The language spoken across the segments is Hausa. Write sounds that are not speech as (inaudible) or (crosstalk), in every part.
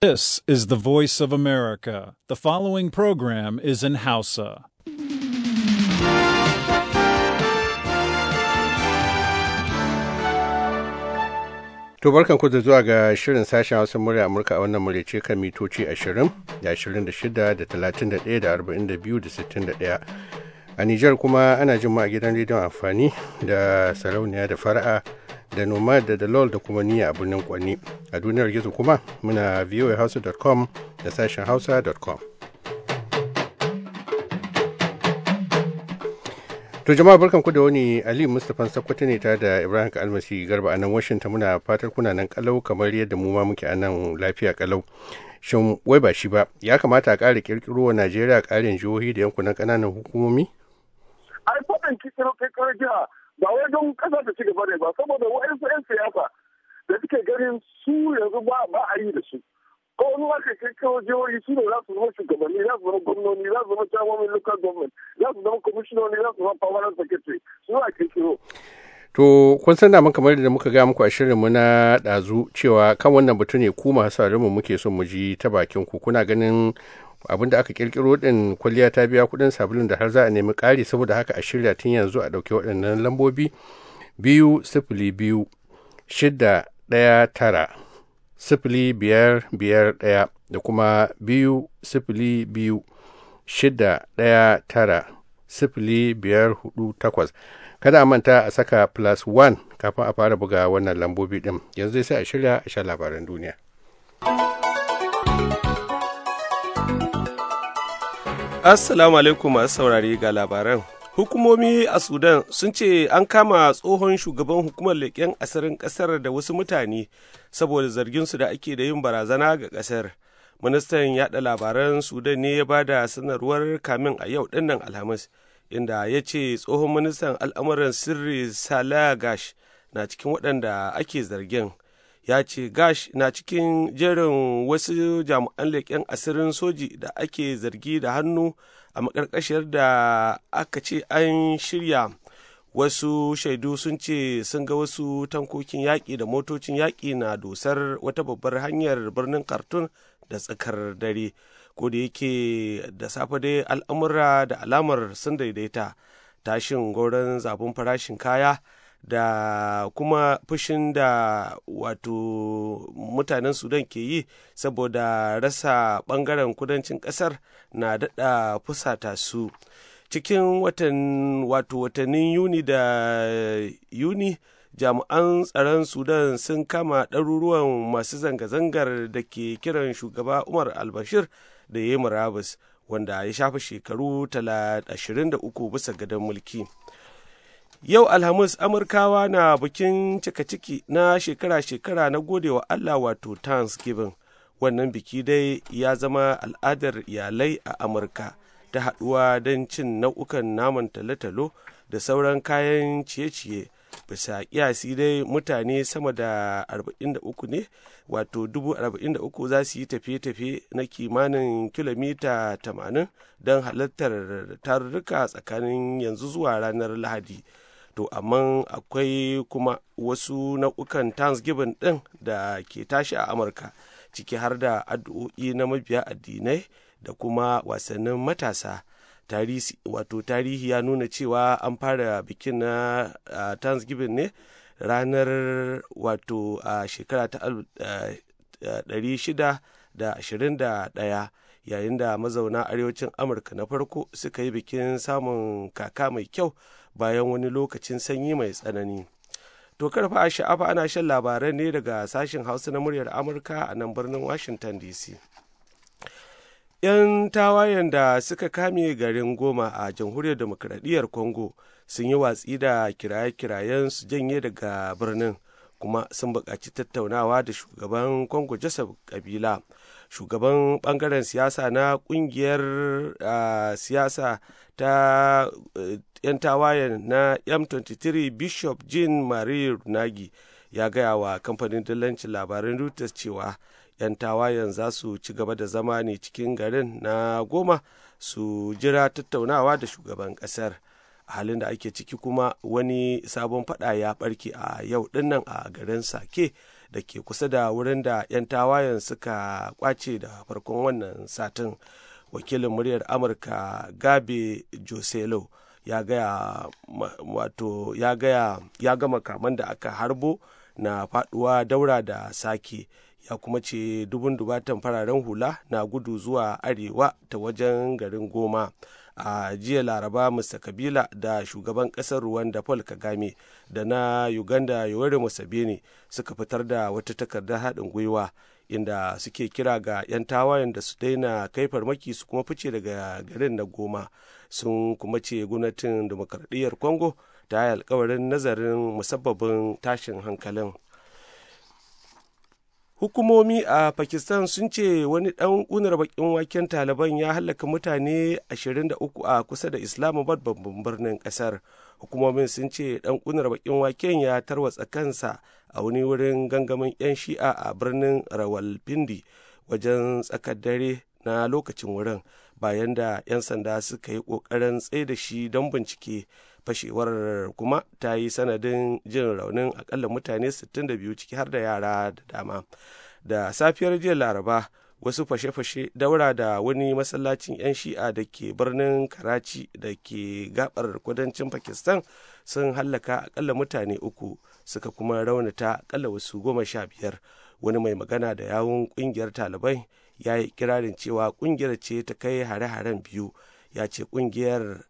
This is the voice of America. The following program is in Hausa. To barkanku da zuwa ga shirin sashen Hausa murya Amurka a wannan muryace kan mitoci 20 da 26 da 31 da 42 da 61. A Nijar kuma ana jin a gidan rediyon amfani da sarauniya da fara'a da noma da dalol da kuma niyya a birnin kwanni a duniyar gizo kuma muna voahouse.com da sashen hausa.com to jama'a barkan ku da wani ali mustapha sakwata ne ta da ibrahim almasi garba a nan washington muna fatar kuna nan kalau kamar yadda mu ma muke a nan lafiya kalau shin wai ba shi ba ya kamata a ƙara kirkiro wa najeriya ƙarin jihohi da yankunan ƙananan hukumomi ai faɗin kirkiro ba wai don kasa ta ci gaba ne ba saboda wa'ansu 'yan siyasa da suke ganin su yanzu ba a yi da su ko in ke kawo jihohi su ne za su zama shugabanni za su zama gwamnoni za su zama chairman local government za su zama commissioner za su zama permanent secretary su ake kirkiro To, kun san da kamar da muka ga muku a mu na ɗazu cewa kan wannan batu ne ku masu mu muke son mu ji ta bakin ku kuna ganin abinda aka kirkiro din kwalliya ta biya kudin sabulun da har za a nemi ƙari saboda haka a shirya tun yanzu a ɗauki waɗannan lambobi biyu sifili biyu shida ɗaya tara sifili biyar biyar ɗaya da kuma biyu sifili biyu shida ɗaya tara sifili biyar hudu takwas kada a manta a saka plus one kafin a fara buga wannan lambobi din yanzu sai a shirya a sha labaran duniya. Assalamu alaikum masu saurari ga labaran. Hukumomi a Sudan sun ce an kama tsohon shugaban hukumar leƙen asirin ƙasar da wasu mutane saboda zarginsu da ake da yin barazana ga ƙasar. Ministan yaɗa labaran Sudan ne ya ba da sanarwar kamin a yau dinnan Alhamis, inda ya ce tsohon ministan al'amuran sirri Salah Gash na cikin waɗanda ake zargin. ya ce gash na cikin jerin wasu jami'an leƙen asirin soji da ake zargi da hannu a makarkashiyar da aka ce an shirya wasu shaidu sun ce sun ga wasu tankokin yaƙi da motocin yaƙi na dosar wata babbar hanyar birnin kartun da tsakar dare ko da yake da safe dai al'amura da alamar sun daidaita tashin gauran zaben farashin kaya da kuma fushin da wato mutanen sudan ke yi saboda rasa bangaren kudancin kasar na daɗa fusata su cikin watan wato watannin yuni da yuni jami'an tsaron sudan sun kama ɗaruruwan masu zanga-zangar da ke kiran shugaba umar albashir da ya yi wanda ya shafa shekaru 23 bisa gadon mulki. Yau Alhamis Amurkawa na bikin cika ciki na shekara-shekara na gode wa Allah wato Thanksgiving. Wannan biki dai ya zama al'adar iyalai a Amurka ta haɗuwa don cin nau'ukan naman talo da sauran kayan ciye-ciye. Bisa kiyasi dai mutane sama da 43 ne, wato 43 za su yi tafiye-tafiye na kimanin kilomita 80 don halartar tarurruka tsakanin yanzu zuwa ranar Lahadi. to amma akwai kuma wasu nau'ukan thanksgiving din da ke tashi a amurka ciki har da addu'o'i na mabiya addinai da kuma wasannin matasa wato tarihi ya nuna cewa an fara bikin na thanksgiving ne ranar wato a shekara ta 621 yayin da mazauna arewacin amurka na farko suka yi bikin samun kaka mai kyau bayan wani lokacin sanyi mai tsanani. To karfa a sha'afa ana shan labaran ne daga sashen Hausa na muryar Amurka a nan birnin Washington DC. 'Yan tawayen da suka kame garin goma a jamhuriyar demokradiyyar Congo sun yi watsi da kiraye-kirayen su janye daga birnin kuma sun buƙaci tattaunawa da shugaban Congo Joseph Kabila. Shugaban ɓangaren siyasa na ƙungiyar ah, siyasa ta eh, 'yan tawaye na m23 bishop jean marie runagi ya gaya wa kamfanin dillancin labaran reuters cewa 'yan tawayen za su ci gaba da zama ne cikin garin na goma su jira tattaunawa da shugaban kasar a halin da ake ciki kuma wani sabon fada ya barke a yau dinnan a garin sake da ke kusa da wurin da 'yan tawayen suka kwace da farkon wannan satin wakilin muryar amurka gabe joselo ya gaya wato ya gaya ya gama kaman da aka harbo na faduwa daura da sake ya kuma ce dubun dubatan fararen hula na gudu zuwa arewa ta wajen garin goma a jiya laraba mr kabila da shugaban kasar rwanda paul kagame da na uganda yoweri museveni suka fitar da wata takardar haɗin gwiwa inda suke kira ga 'yan tawayen da su daina kai farmaki su kuma fice daga garin na goma sun kuma ce gwamnatin demokradiyyar congo ta yi alkawarin nazarin musabbabin tashin hankalin hukumomi a pakistan sun ce wani dan kunar bakin waken taliban ya halaka mutane 23 a kusa da islamabad babban birnin kasar hukumomin sun ce dan kunar bakin waken ya tarwatsa kansa a wani wurin gangamin 'yan shi'a a birnin rawalpindi wajen tsakar dare na lokacin wurin bayan da 'yan sanda suka yi ƙoƙarin tsaye da shi don bincike fashewar kuma ta yi sanadin jin raunin akalla mutane 62 ciki har da yara da dama da safiyar jiya laraba wasu fashe-fashe daura da wani masallacin 'yan shi'a da ke birnin karachi da ke gabar kudancin pakistan sun hallaka akalla mutane uku suka kuma raunata akalla wasu goma sha biyar wani mai magana da yawun kungiyar talibai ya yi kirarin cewa kungiyar ce ta kai hare-haren biyu ya ce kungiyar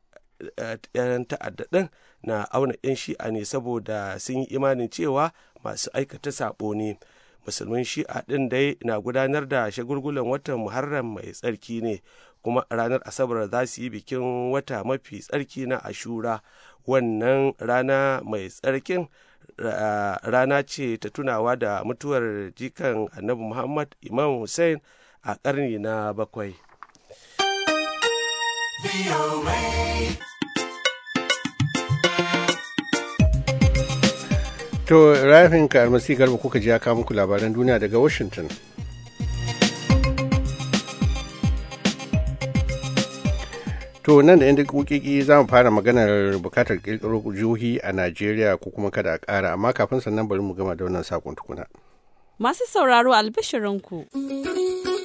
eh, 'yan ta'adda ɗin na auna 'yan shi'a ne saboda sun yi imanin cewa masu aikata saɓo ne musulmin shi'a ɗin dai na gudanar da shagulgulan watan muharram mai tsarki ne kuma ranar asabar za su yi bikin wata mafi tsarki na ashura wannan rana mai tsarkin rana ce ta tunawa da mutuwar jikan annabi muhammad imam hussein a ƙarni na bakwai. To rafin ka almasi garba kuka ji ya muku labaran duniya daga Washington. To nan da yan dakikokiki za mu fara maganar bukatar kirkiro jihohi a Najeriya ko kuma kada a ƙara amma kafin sannan bari mu gama da wannan sakon tukuna. Masu sauraro albishirinku. ku.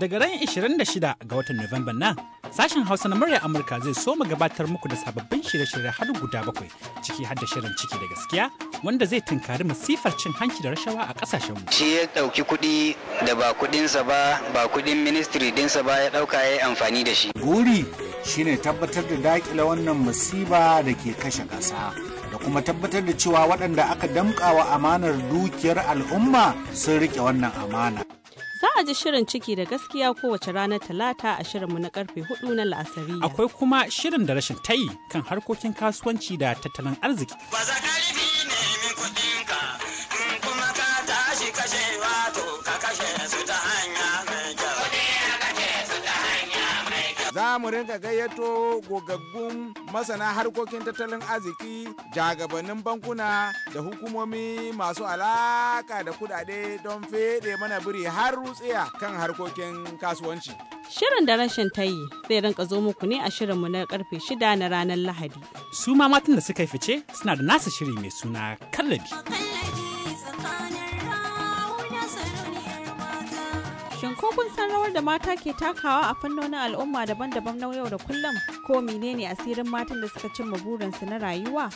Daga ran 26 ga watan Nuwamban nan, sashen Hausa na murya Amurka zai so mu gabatar muku da sababbin shirye-shirye har guda bakwai, ciki har da shirin ciki da gaskiya wanda zai tunkari masifar cin hanci da rashawa a kasashen mu. Shi ya dauki kuɗi da ba kuɗinsa ba, ba kuɗin ministry dinsa ba ya dauka ya amfani da shi. Buri shine tabbatar da dakile wannan masiba da ke kashe ƙasa. da kuma tabbatar da cewa waɗanda aka damƙawa amanar dukiyar al'umma sun riƙe wannan amana. Za a ji shirin ciki da gaskiya kowace ranar Talata a shirinmu na karfe hudu na la'asari. Akwai kuma shirin da rashin tayi kan harkokin kasuwanci da tattalin arziki. namurin ka rinka gayyato gogaggun masana harkokin tattalin arziki jagabannin bankuna da hukumomi masu alaka da kudade don fede mana biri har rutsiya kan harkokin kasuwanci Shirin da rashin ta yi zai rinka zo muku ne a shirinmu na karfe shida na ranar Lahadi. Su ma matan da suka fice suna da nasa shiri mai suna kallabi. ko kun san rawar da mata ke takawa a fannonin al'umma daban-daban na yau da kullum ko menene asirin matan da suka cimma burinsu na rayuwa?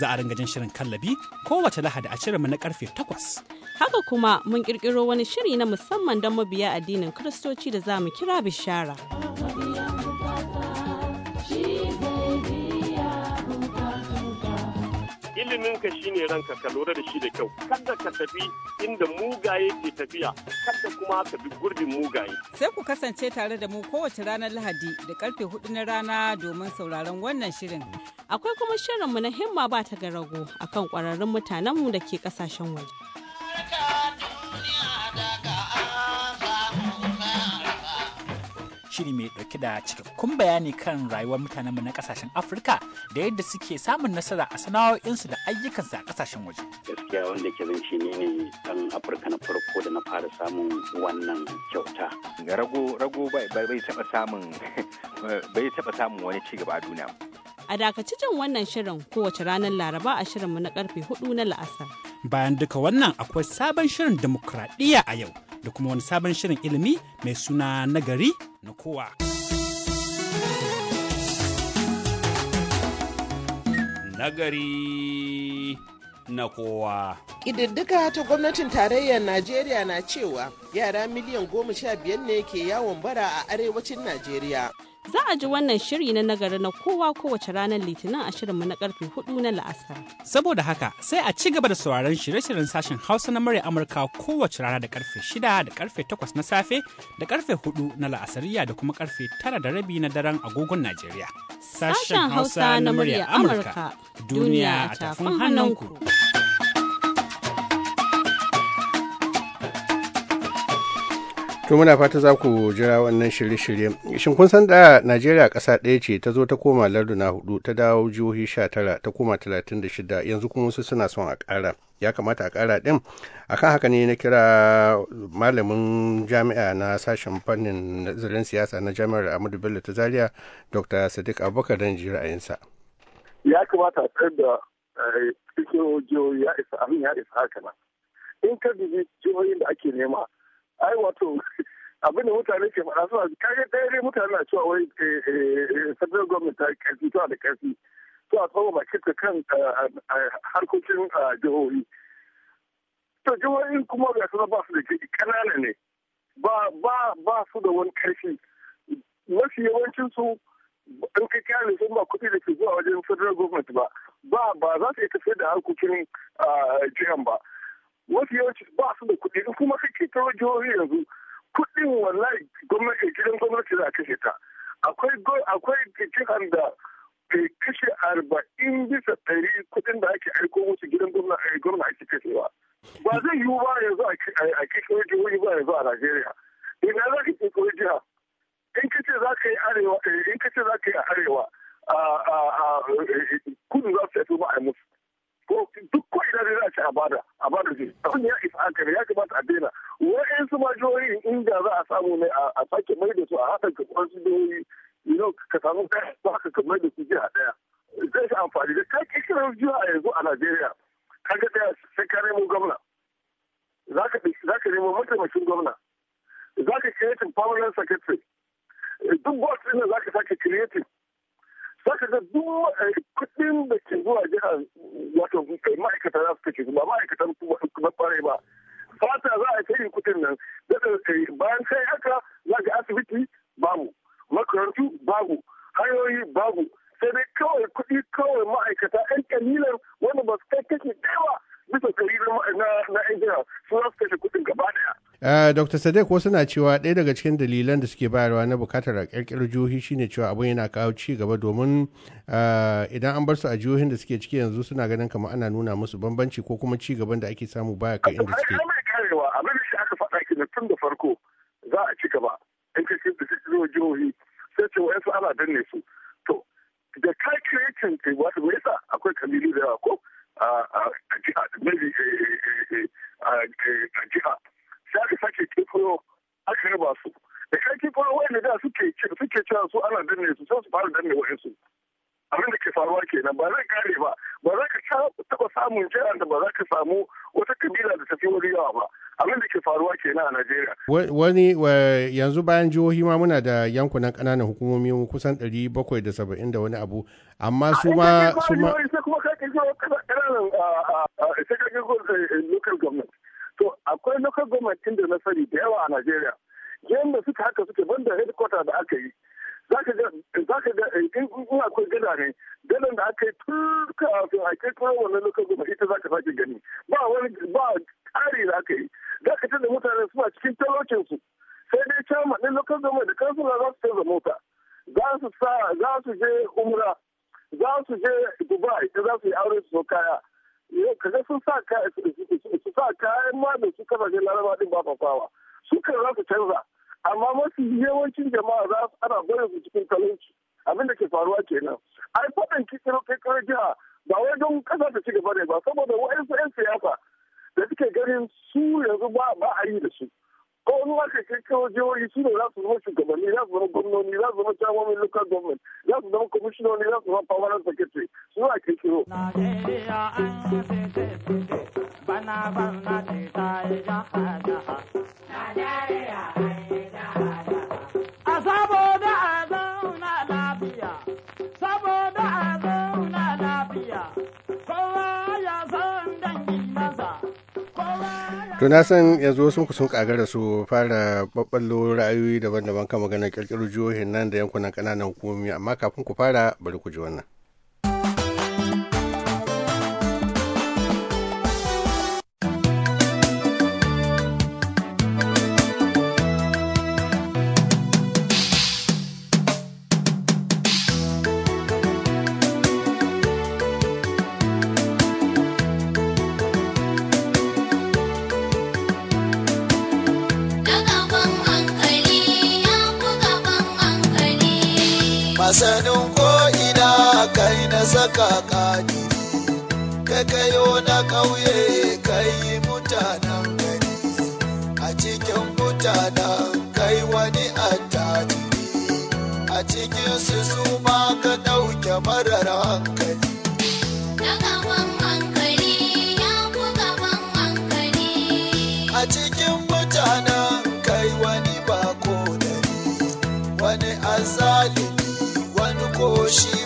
Za a ringa jin shirin kallabi kowace lahadi a shirinmu na karfe takwas. Haka kuma mun kirkiro wani shiri na musamman don mabiya addinin Kiristoci da za mu kira bishara. ilimin ka shine ranka ka lura da shi da kyau kada ka tafi inda mugaye ke tafiya kada kuma ka bi gurbin mugaye sai ku kasance tare da mu kowace ranar lahadi da karfe hudu na rana domin sauraron wannan shirin akwai kuma mu na himma ba ta garago akan kwararrun mutanenmu da ke kasashen waje shiri mai ɗauke da cikakkun bayani kan rayuwar mutanen mu na kasashen Afirka da yadda suke samun nasara a sana'o'insu da ayyukansu a kasashen waje. Gaskiya wanda ke zan ne ne ɗan Afirka na farko da na fara samun wannan kyauta. Rago rago bai taɓa samun (laughs) bai taba samun wani cigaba a duniya. A dakaci jan wannan shirin kowace ranar Laraba a shirinmu na karfe hudu na la'asar. Bayan duka wannan akwai sabon shirin demokradiyya a yau da kuma wani sabon shirin ilimi mai suna nagari na kowa. Nagari na kowa. Ƙididdika ta gwamnatin tarayyar Najeriya na cewa yara miliyan goma sha biyar ne ke yawon bara a arewacin Najeriya. Za a ji wannan shiri na nagari na kowa kowace ranar Litinin a shirinmu na karfe hudu na la'asar. Saboda haka sai a ci gaba da sauraron shirye-shiryen sashen Hausa na murya Amurka kowace rana da karfe shida da karfe takwas na safe da karfe hudu na la'asariya da kuma karfe tara da rabi na daren agogon Najeriya. Sashen Hausa na murya Amurka duniya a tafin hannunku. to muna fata za ku jira wannan shirye-shirye shin kun san da najeriya ƙasa ɗaya ce ta zo ta koma larduna hudu ta dawo jihohi sha tara ta koma talatin da shida yanzu kuma wasu suna son a ƙara ya kamata a ƙara ɗin akan haka ne na kira malamin jami'a na sashen fannin nazarin siyasa na jami'ar ahmadu bello ta zaria dr sadiq abubakar don ji ra'ayinsa ya kamata a kar da eh, cikin jihohi ya isa amin ya isa haka in ka dubi jihohin da ake nema ai wato abin da mutane ke faɗa suna kaje ɗaya ne mutane na cewa wai eh, eh, eh, federal government ta ƙarfi tana da kai to a tsawo bakin ta kan harkokin jihohi to jihohin kuma ga su ba su da ƙanana ne ba ba ba su da wani karfi mafi yawancin su in ka kyale sun ba kuɗi da ke zuwa wajen federal government ba ba za su iya tafiya da harkokin jihan ba wasu yawanci ba su da kuɗi in kuma kake ta jihohi yanzu kuɗin wallahi gwamnati gidan gwamnati za a kashe ta akwai akwai jihar da ke kashe arba'in bisa ɗari kuɗin da ake aiko musu gidan gwamna eh, ake kashewa ba zai yiwu ba yanzu a kashe jihohi ba yanzu a Najeriya ina za ka kashe jiha in kace za ka yi arewa eh, in kace za ka yi arewa a eh, kudu za su waje abin ya isa aka ya kamata a wa'in su ma jihohi inda za a samu ne a sake mai da su a haɗa ka wasu jihohi ka samu kayan haka ka mai da su jiha ɗaya zai shi amfani da ka kira jiha yanzu a Najeriya ka ga ɗaya sai ka nemo gwamna za ka nemo mataimakin gwamna za ka creating permanent secretary duk board ɗin za ka sake creating saka ka ga duk kuɗin da ke zuwa jihar wato kai ma'aikata za su kashe ba ma'aikatan na kware ba fata za a kai kuɗin nan bayan kai haka za ga asibiti babu makarantu babu hanyoyi babu sai dai kawai kuɗi kawai ma'aikata 'yan kalilan wanda ba su kai kake ɗaya bisa kalilan na 'yan jihar su za su kashe kuɗin gaba daya Uh, Dr. Sadiq wasu na cewa ɗaya daga cikin dalilan da suke bayarwa na bukatar a ƙirƙirar jihohi shine cewa abin yana kawo ci gaba domin idan an bar su a jihohin da suke ciki yanzu suna ganin kamar ana nuna musu bambanci ko kuma ci gaban da ake samu baya kai inda suke. Ana karewa abin da aka faɗa ki tun da farko za a ci gaba in ka ce da jihohi sai ce wa'yansu ana danne su. To da ka kiretin kai wata me yasa akwai kamilu da yawa ko a jiha sai aka sake kirkiro aka raba su da ka kirkiro wani da suke suke cewa su ana danne su sai su fara danne su abin da ke faruwa kenan ba zai kare ba ba za ka taba samun jira da ba za ka samu wata kabila da tafi wani yawa ba abin da ke faruwa kenan a Najeriya. Wani yanzu bayan jihohi ma muna da yankunan ƙananan hukumomi kusan ɗari bakwai da saba'in da wani abu amma su ma su ma. Sai kuma ka ƙirƙiro ƙananan sai ka ƙirƙiro eh, local government. to akwai local government da na sani da yawa a Najeriya yayin da suka haka suke banda headquarter da aka yi ka ga eh, in akwai gada ne da aka yi tun kafin a kai kawo wannan local government ita ka sake gani ba wani ba tsari da aka yi ka tada mutane suna cikin talaucin su sai dai chairman din local government da kansula za su canza mota za su sa za su je umra za su je dubai da za su yi aure su kaya Eh, kaga sun sa su sa kayan ma da su kasashen laraba din ba fafawa su kan za su canza amma mafi yawancin jama'a za su ana barin su cikin talauci abin da ke faruwa kenan ai faɗin kikiro kikiro jiha ba wai don ƙasa ta ci gaba ne ba saboda su 'yan siyasa da suke ganin su yanzu ba a yi da su Con una gestión que yo you see the last no government, that's no government, that's no chairman local government, that's no commissioner, that's no permanent secretary. So I can you. Nigeria, to na san yanzu wasu ku sun kagara su fara babballo ra'ayoyi daban-daban kan maganar kirkiru jihohin nan da yankunan kananan hukumomi amma kafin ku fara bari ku ji wannan zagayo na ƙauye kai mutanen gari a cikin mutanen kai wani attajiri a cikin su zuma ka ɗauke marar hankali a cikin mutanen kai wani bako dari wani azalimi wani koshi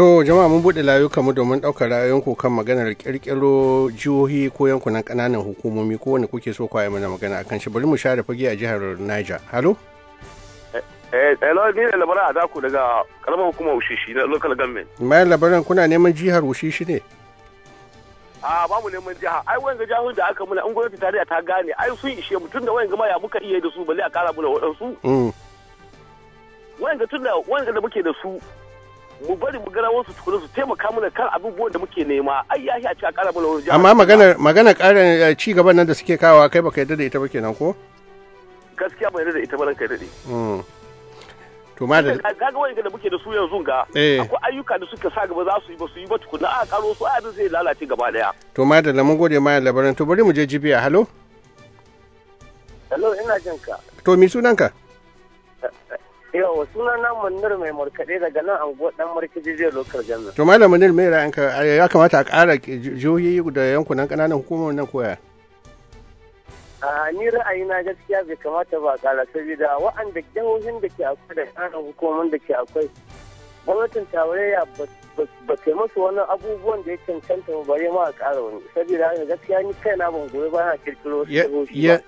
To jama'a mun buɗe layuka mu domin ɗaukar ra'ayoyinku kan maganar ƙirƙiro jihohi ko yankunan ƙananan hukumomi ko wani kuke so kwaye mana magana akan shi bari mu share fage a jihar Niger. Halo? Eh, eh hello, ni da labaran a daku daga karamar hukumar Wushishi na local government. Mayan labaran kuna neman jihar Wushishi ne? A ba mu neman jiha, ai wanga jihar da aka muna in gwamnati tarayya ta gane, ai sun ishe mu tun da wayan gama ya muka iya da su balle a kara muna waɗansu. Mm. Wayan tun da wayan da muke da su mu bari mu gara wasu tukuru su taimaka mana kan abubuwan da muke nema ai ya a cika kara mana wani jihar amma maganar magana karin eh, ci gaban nan da suke kawo kai baka yadda da ita ba kenan ko gaskiya ba yadda da ita ba ranka dade hmm. to ma da kaga wani da muke da su yanzu ga eh. akwai ayyuka da suka sa gaba za su yi ba su yi ba tukuna a karo su a da zai lalace gaba daya to ma da mun gode ma labaran to bari mu je jibiya halo halo ina jinka to mi sunanka Yawa suna na Munir mai markaɗe daga nan an ɗan markaji zai lokar jami'a. To Malam Munir mai ra'ayinka ya kamata a ƙara jihohi da yankunan ƙananan hukumomin nan koya. a ni ra'ayi na gaskiya bai kamata ba kara saboda wa'anda jihohin da ke akwai da ƙananan hukumomin da ke akwai gwamnatin tarayya ba ta masu wani abubuwan da ya cancanta ba bare ma a ƙara wani saboda haka gaskiya ni kaina ban goyi ba na kirkiro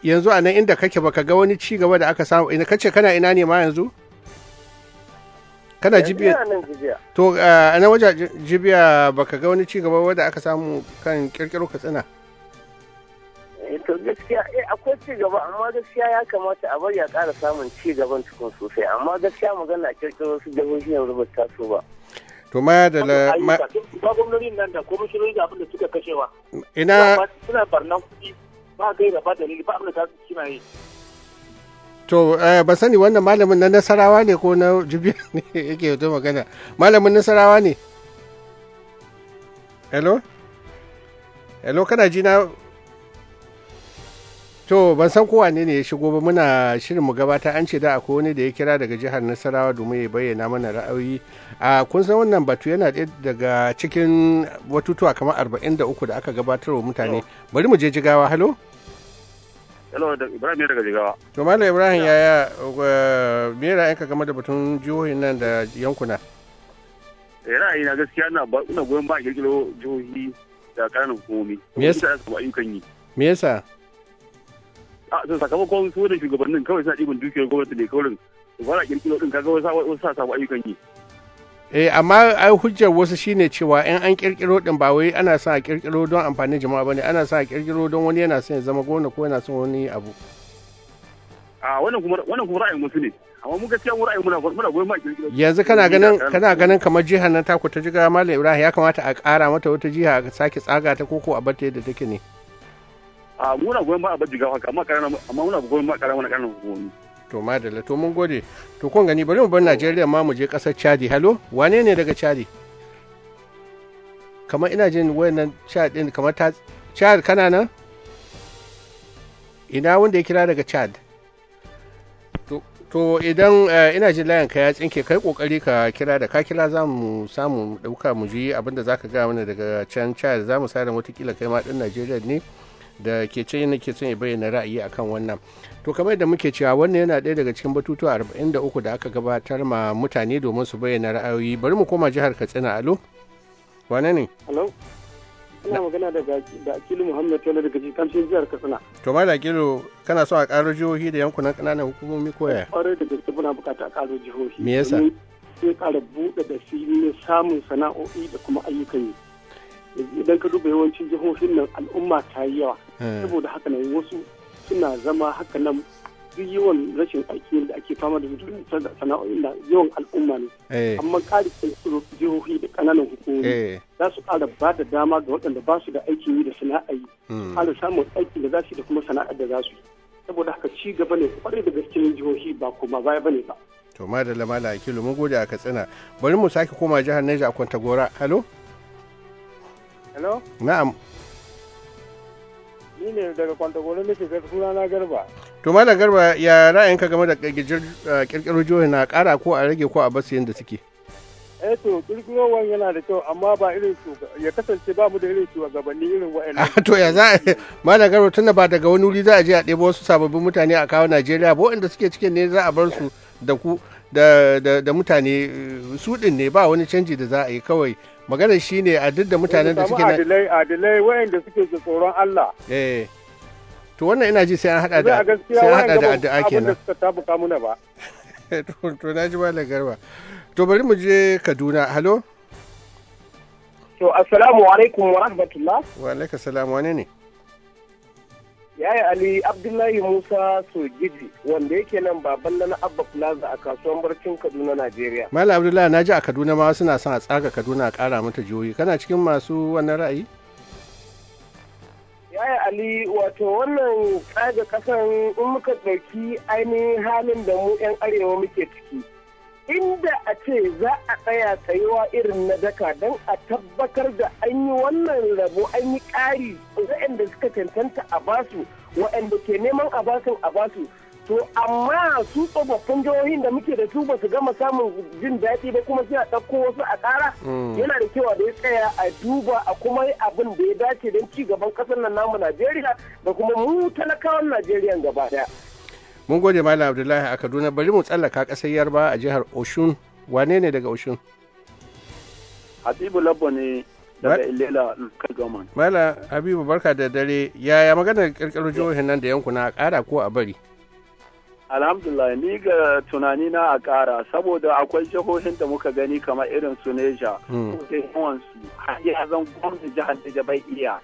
yanzu a nan inda kake baka ga wani ci gaba da aka samu ina kace kana ina ne ma yanzu kana jibiya to a eh, nan waje jibiya baka ga wani cigaba wadda aka samu kan kirkiro katsina eh, to gaskiya eh akwai gaba amma gaskiya ya kamata a bari ya ƙara samun ci gaban cikin sosai amma gaskiya magana a kirkiro su jihohi yanzu ba ta so ba to ma da la ma gwamnatin nan da komishinoni da abin da suka kashewa ina suna barnan kuɗi ba gaira ba dalili ba abin da ta suna yi To eh, ba sani wannan malamin na nasarawa ne ko na jibiya (laughs) ne yake yato magana. Malamin nasarawa ne? Hello? Hello kana ji na To ban san kowa ne ne ya shigo ba muna shirin mu gabata an ce da akwai wani da ya kira daga jihar Nasarawa domin ya bayyana mana ra'ayoyi. A kun san wannan batu yana ɗaya daga cikin watutuwa kamar 43 da aka gabatar wa mutane. Bari mu je jigawa halo? Yalo da Ibrahim ne daga Jigawa. To Malam Ibrahim yaya me ra'ayinka game da batun jihohin nan da yankuna? Eh, ra'ayi na gaskiya ina ina goyon ba kirkiro jihohi da ƙananan hukumomi. Me yasa? ayyukan yi. Me yasa? A sakamakon su da shugabannin kawai suna ɗigon dukiyar gwamnati ne kawai Ba fara kirkiro ɗin kaga wasu sa samu ayyukan yi. eh amma ai hujjar wasu shine cewa in an kirkiro din ba wai ana sa kirkiro don amfanin jama'a bane ana sa kirkiro don wani yana son ya zama gona ko yana son wani abu a wannan kuma wannan kuma ra'ayin wasu ne amma mu gaskiya mu ra'ayin muna muna goyon ma kirkiro yanzu kana ganin kana ganin kamar jihar nan taku ta jiga malam Ibrahim ya kamata a ƙara mata wata jiha a sake tsaga ta koko a ta yadda take ne a muna goyon ba a bar jigawa amma karana amma muna goyon ba karana wani karana hukumomi to madalla to mun gode to kun gani bari mu bar najeriya ma mu je kasar chadi halo wane ne daga chadi kamar ina jin wayannan chad din kamar ta chad kana nan ina wanda ya kira daga chad to idan eh, ina jin layan ka ya tsinke kai kokari ka kira da ka kira za mu samu dauka mu ji abinda zaka ga mana daga can chad za mu sa da kila kai ma din najeriya ne da ke ce yana ke son ya bayyana ra'ayi akan wannan to kamar da muke cewa wannan yana ɗaya daga cikin batutuwa 43 da aka gabatar ma mutane domin su bayyana ra'ayoyi bari mu koma jihar katsina alo wane ne alo ina magana daga da akilu muhammad wani daga jikamshin jihar katsina to ma da akilu kana so a ƙaro jihohi da yankunan ƙananan hukumomi ko ya ƙwarai da gaske muna buƙatar ƙaro jihohi me yasa sai ƙara buɗe da ne samun sana'o'i da kuma ayyukan yi idan ka duba yawancin jihohin nan al'umma ta yi yawa eh. saboda haka nan wasu suna zama haka nan duk yawan rashin aiki da ake fama da su da sana'o'in da yawan al'umma ne eh. amma ƙari jihohi da kananan hukumomi eh. za su kara ba da dama ga waɗanda ba su da aiki yi da sana'a yi hmm. samun aiki da za su da kuma sana'ar da za su saboda haka ci gaba ne kwarai da gaske jihohi ba kuma baya bane ba to madalla mala akilu mun gode a katsina bari mu sake koma jihar Niger a kwanta gora halo Hello? Na'am. Ni ne daga Kwantagoro nake suna na Garba. To Malam Garba ya ra'ayinka game da eh, kirkiro jihohi na ƙara ko a rage ko a basu yadda suke? eh to kirkiro wani yana da kyau amma ba irin su ya kasance ba mu da irin shugabanni irin wa'annan (laughs) to ya za malam garba tunda ba daga wani wuri za a je a ɗebo wasu sababbin mutane a kawo Najeriya ba wanda suke cikin ne za a bar su da ku da mutane eh, su ne ba wani canji da za a yi kawai maganar shi ne a duk da mutanen da suke adilai adilai wayanda suke da tsoron Allah eh to wannan ina ji sai an hada da sai an hada da addu'a kenan suka tabuka muna ba (laughs) to na ji malam garba to bari mu je Kaduna halo to assalamu alaikum wa rahmatullah wa alaikum assalam wane ne Yaya Ali Abdullahi Musa Sogidi wanda yake nan baban na Abba Plaza a kasuwan barcin Kaduna Najeriya. Malam Abdullahi na ji a Kaduna ma suna son a tsaga Kaduna a ƙara mata jihohi. Kana cikin masu wannan ra'ayi? Yaya Ali wato wannan tsaga kasan in muka ɗauki ainihin halin da mu 'yan arewa muke ciki. inda a ce za a tsaya tsayuwa irin na daka don a tabbatar da an yi wannan rabo an yi ƙari waɗanda suka cancanta a basu waɗanda ke neman a basu a basu to amma su tsofaffin jihohin da muke da su ba su gama samun jin daɗi ba kuma suna ɗauko wasu a ƙara mm. yana da kyau da ya tsaya a duba a kuma yi abin da ya dace don ci gaban ƙasar nan namu najeriya da kuma mu talakawan najeriya gaba daya mun gode malam abdullahi a kaduna bari mu tsallaka ƙasar yarba a jihar oshun wane ne daga oshun habibu Labo ne daga ilela local government malam habibu barka da dare yaya maganar ƙirƙiro jihohin nan da yankuna a ƙara ko a bari alhamdulillah ni ga tunani na a ƙara saboda akwai jihohin da muka gani kamar irin su neja hmm. ko sai yawan su har ya zan gwamnati jihar da bai iya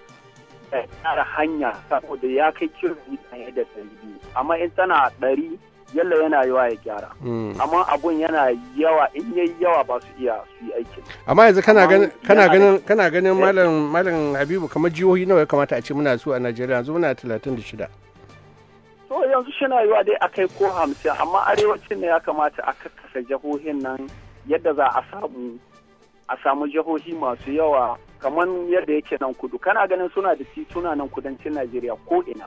Eh, tsara hanya saboda ya kai kilomita yadda ɗari biyu amma in tana ɗari yalla yana yawa ya gyara hmm. amma abun yana yawa in yayi yawa ba su iya su yi aikin amma yanzu kana ganin kana ganin kana ganin eh. malam malam Habibu kamar jihohi nawa ya kamata a ce muna su a Najeriya yanzu muna 36 to yanzu shi na yiwa dai akai ko hamsin, amma arewacin ne ya kamata a kakkasa jihohin nan yadda za a samu a samu jihohi masu yawa kamar yadda yake nan kudu kana ganin suna da tituna nan kudancin najeriya ko ina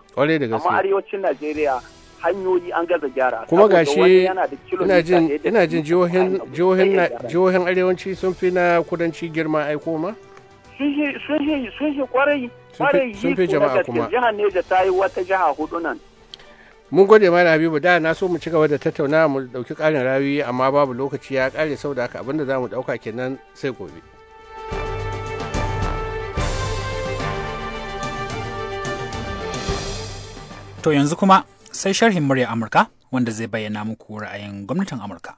amma arewacin najeriya hanyoyi an gaza gyara kuma gashi ina jin jihohin arewaci sun fi na kudanci girma ai ma. sun shi kwarai kwarai sun fi jama'a kuma jihar neja ta yi wata jiha hudu nan mun gode mana habibu da na so mu ci gaba da tattauna mu dauki karin rawi amma babu lokaci ya kare saboda haka abinda za mu dauka kenan sai gobe To yanzu kuma sai sharhin murya Amurka wanda zai bayyana muku ra'ayin gwamnatin Amurka.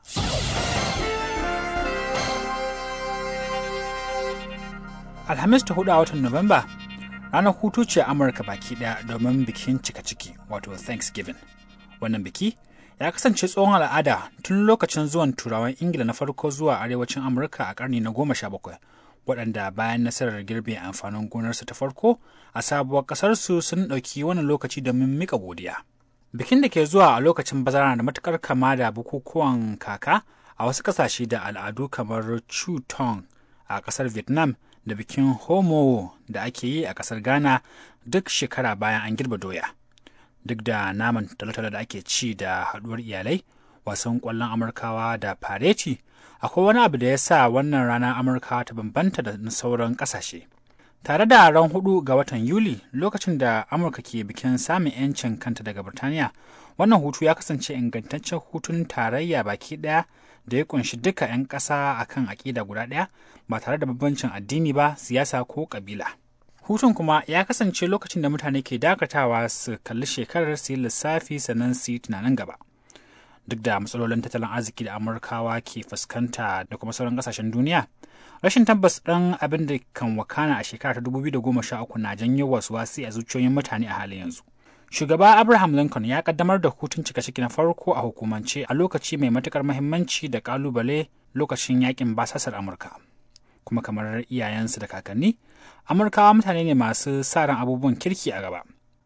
Alhamis ta hudu a watan Nuwamba ranar hutu ce Amurka baki ɗaya domin bikin cika ciki wato Thanksgiving. Wannan biki ya kasance tsohon al'ada tun lokacin zuwan turawan Ingila na farko zuwa arewacin Amurka a karni na goma sha bakwai. waɗanda bayan nasarar girbe amfanin gonarsu ta farko a sabuwar ƙasarsu sun ɗauki wani lokaci domin mika godiya. Bikin da ke zuwa a lokacin bazara da matuƙar kama da bukukuwan kaka a wasu ƙasashe da al'adu kamar Chutong a ƙasar Vietnam da bikin Homo da ake yi a ƙasar Ghana duk shekara bayan an girbe doya. Duk da naman talotalo da ake ci da haɗuwar iyalai, wasan ƙwallon Amurkawa da pareti akwai wani abu da ya sa wannan rana amurka ta bambanta da na sauran kasashe. tare da ran hudu ga watan yuli lokacin da amurka ke bikin samun 'yancin kanta daga birtaniya wannan hutu ya kasance ingantaccen hutun tarayya baki daya da ya kunshi duka 'yan ƙasa akan aƙida guda daya ba tare da bambancin addini ba siyasa ko kabila hutun kuma ya kasance lokacin da mutane ke dakatawa su kalli shekarar su yi lissafi sannan su yi tunanin gaba duk da matsalolin tattalin arziki da amurkawa ke fuskanta da kuma sauran kasashen duniya rashin tabbas ɗan abin da kan wakana a shekara ta da 2013 na janyo wasu wasi a zuciyoyin mutane a halin yanzu shugaba abraham lincoln ya kaddamar da hutun cika ciki na farko a hukumance a lokaci mai matukar mahimmanci da kalubale lokacin yakin basasar amurka kuma kamar iyayensu da kakanni amurkawa mutane ne masu sa ran abubuwan kirki a gaba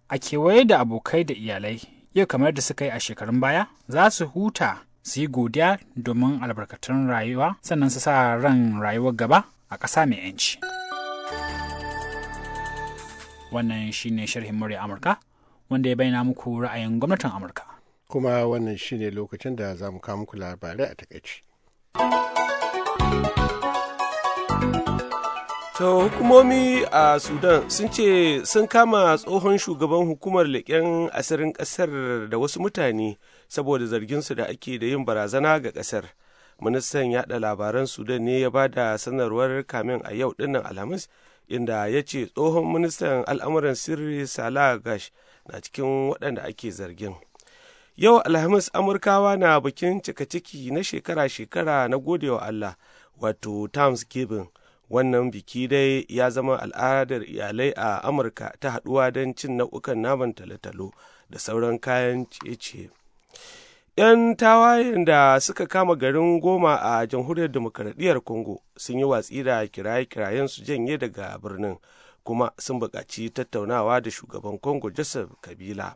a kewaye da abokai da iyalai yau kamar da suka yi a shekarun baya za su huta su yi godiya domin albarkatun rayuwa sannan su sa ran rayuwar gaba a ƙasa mai 'yanci. Wannan shine sharhin murya Amurka wanda ya bayyana muku ra'ayin gwamnatin Amurka. Kuma wannan shine lokacin da za mu kawo muku labarai a takaici. To hukumomi a Sudan sun ce sun kama tsohon shugaban hukumar leƙen asirin ƙasar da wasu mutane saboda zarginsu da ake da yin barazana ga ƙasar. Ministan yaɗa labaran Sudan ne ya bada sanarwar kamin a yau dinnan Alhamis inda ya ce tsohon ministan al'amuran sirri salagash na cikin waɗanda ake zargin. Yau Alhamis Amurkawa na bikin cika ciki na shekara-shekara na godewa Allah wato giving wannan biki dai ya zama al'adar iyalai a amurka ta haduwa don cin nau'ukan naman talotalo da sauran kayan ciye-ciye 'yan tawayen da suka kama garin goma a jamhuriyar demokaradiyyar congo sun yi watsi da kiraye-kirayen su janye daga birnin kuma sun buƙaci tattaunawa da shugaban congo joseph kabila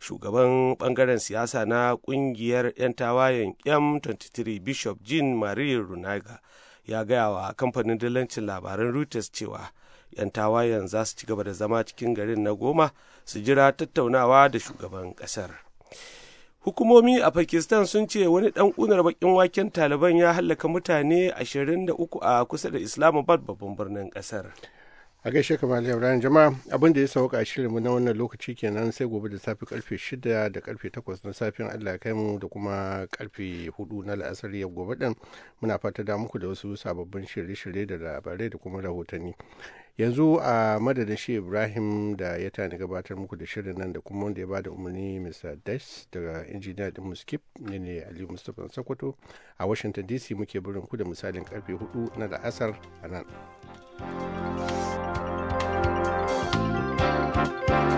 shugaban bangaren siyasa na ƙungiyar 'yan tawayen m23 bishop jean marie runaga ya gaya wa kamfanin dillancin labaran reuters cewa 'yan tawayen za su ci gaba da zama cikin garin na goma su jira tattaunawa da shugaban ƙasar hukumomi a pakistan sun ce wani ɗan ƙunar bakin waken taliban ya hallaka mutane 23 a kusa da islamabad babban birnin ƙasar a gaishe kamar malam jama'a abin da ya sauka shirin mu na wannan lokaci kenan sai gobe da safe karfe 6 da karfe 8 na safin allah kai mu da kuma karfe 4 na la'asar yau gobe din muna fata da muku da wasu sababbin shirye-shirye da labarai da kuma rahotanni yanzu a madadin shi ibrahim da ya tani gabatar muku da shirin nan da kuma wanda ya bada umarni mr des daga injiniya din muskip ne ne aliyu mustapha sokoto a washington dc muke birin ku da misalin karfe 4 na la'asar a nan you